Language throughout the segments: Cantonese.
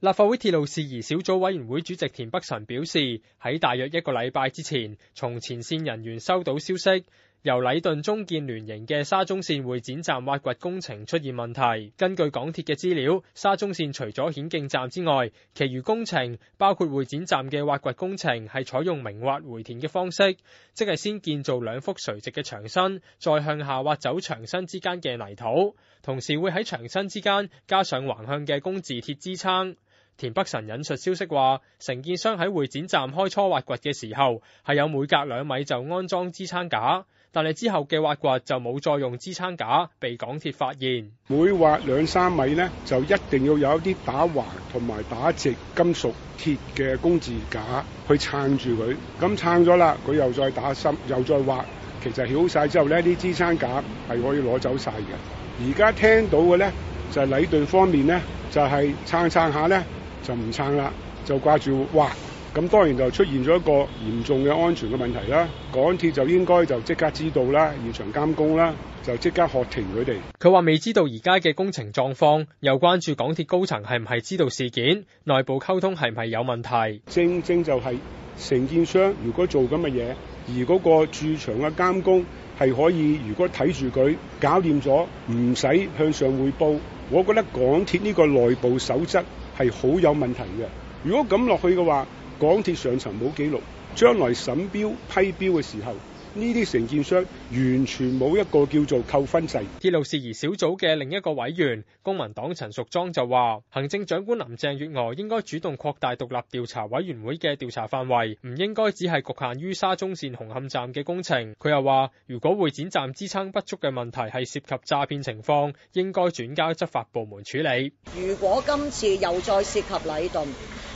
立法會鐵路事宜小組委員會主席田北辰表示，喺大約一個禮拜之前，從前線人員收到消息，由禮頓中建聯營嘅沙中線會展站挖掘工程出現問題。根據港鐵嘅資料，沙中線除咗顯徑站之外，其餘工程包括會展站嘅挖掘工程係採用明挖回填嘅方式，即係先建造兩幅垂直嘅牆身，再向下挖走牆身之間嘅泥土，同時會喺牆身之間加上橫向嘅工字鐵支撐。田北辰引述消息話，承建商喺會展站開初挖掘嘅時候，係有每隔兩米就安裝支撐架，但係之後嘅挖掘就冇再用支撐架，被港鐵發現。每挖兩三米呢，就一定要有一啲打橫同埋打直金屬鐵嘅工字架去撐住佢。咁撐咗啦，佢又再打深，又再挖。其實起晒之後呢啲支撐架係可以攞走晒嘅。而家聽到嘅呢，就係、是、禮頓方面呢，就係、是、撐撐下呢。就唔撐啦，就掛住挖，咁當然就出現咗一個嚴重嘅安全嘅問題啦。港鐵就應該就即刻知道啦，現場監工啦，就即刻喝停佢哋。佢話未知道而家嘅工程狀況，又關注港鐵高層係唔係知道事件，內部溝通係唔係有問題？正正就係、是、承建商如果做咁嘅嘢，而嗰個駐場嘅監工係可以如果睇住佢搞掂咗，唔使向上匯報。我覺得港鐵呢個內部守則。係好有問題嘅。如果咁落去嘅話，港鐵上層冇記錄，將來審標批標嘅時候。呢啲承建商完全冇一個叫做扣分制。鐵路事宜小組嘅另一個委員，公民黨陳淑莊就話，行政長官林鄭月娥應該主動擴大獨立調查委員會嘅調查範圍，唔應該只係局限於沙中綫紅磡站嘅工程。佢又話，如果會展站支撐不足嘅問題係涉及詐騙情況，應該轉交執法部門處理。如果今次又再涉及禮頓，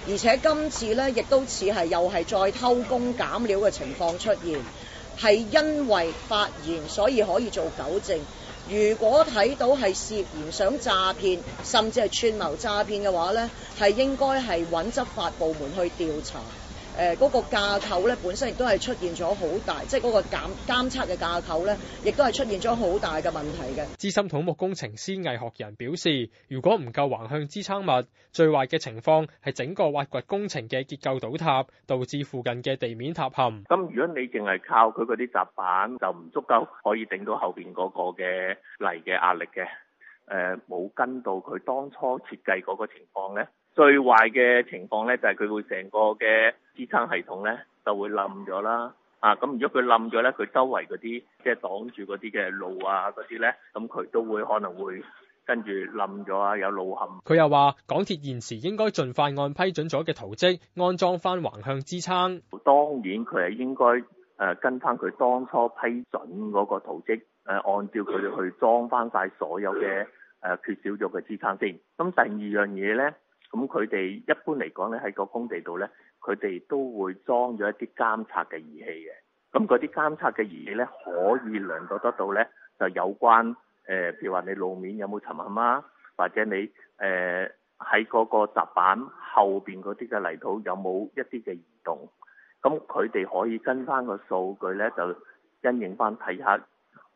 而且今次咧亦都似係又係再偷工減料嘅情況出現。係因為發言，所以可以做糾正。如果睇到係涉嫌想詐騙，甚至係串謀詐騙嘅話，呢係應該係揾執法部門去調查。誒嗰個架構咧，本身亦都係出現咗好大，即係嗰個監監測嘅架構咧，亦都係出現咗好大嘅問題嘅。資深土木工程師、藝學人表示，如果唔夠橫向支撐物，最壞嘅情況係整個挖掘工程嘅結構倒塌，導致附近嘅地面塌陷。咁如果你淨係靠佢嗰啲雜板，就唔足夠可以頂到後邊嗰個嘅泥嘅壓力嘅，誒、呃、冇跟到佢當初設計嗰個情況咧。最壞嘅情況咧，就係佢會成個嘅支撐系統咧就會冧咗啦。啊，咁如果佢冧咗咧，佢周圍嗰啲即係擋住嗰啲嘅路啊，嗰啲咧，咁佢都會可能會跟住冧咗啊，有路陷。佢又話：港鐵現時，應該盡快按批准咗嘅圖則安裝翻橫向支撐。當然，佢係應該誒跟翻佢當初批准嗰個圖則，呃，按照佢哋去裝翻晒所有嘅誒、呃、缺少咗嘅支撐先。咁第二樣嘢咧。呢咁佢哋一般嚟講咧，喺個工地度咧，佢哋都會裝咗一啲監測嘅儀器嘅。咁嗰啲監測嘅儀器咧，可以量度得到咧，就有關誒，譬如話你路面有冇沉陷啊，或者你誒喺嗰個閘板後邊嗰啲嘅泥土有冇一啲嘅移動。咁佢哋可以跟翻個數據咧，就因應翻睇下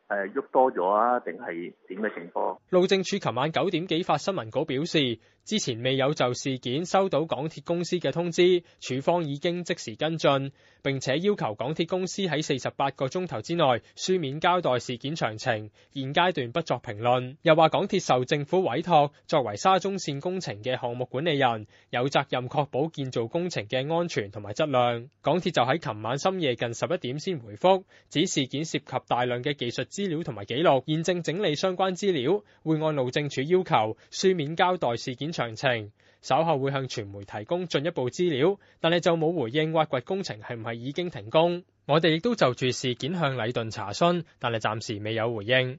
誒喐多咗啊，定係點嘅情況。路政署琴晚九點幾發新聞稿表示。之前未有就事件收到港鐵公司嘅通知，署方已經即時跟進，並且要求港鐵公司喺四十八個鐘頭之內書面交代事件詳情。現階段不作評論。又話港鐵受政府委託，作為沙中綫工程嘅項目管理人，有責任確保建造工程嘅安全同埋質量。港鐵就喺琴晚深夜近十一點先回覆，指事件涉及大量嘅技術資料同埋記錄，現正整理相關資料，會按路政署要求書面交代事件。詳情稍後會向傳媒提供進一步資料，但係就冇回應挖掘工程係唔係已經停工。我哋亦都就住事件向禮頓查詢，但係暫時未有回應。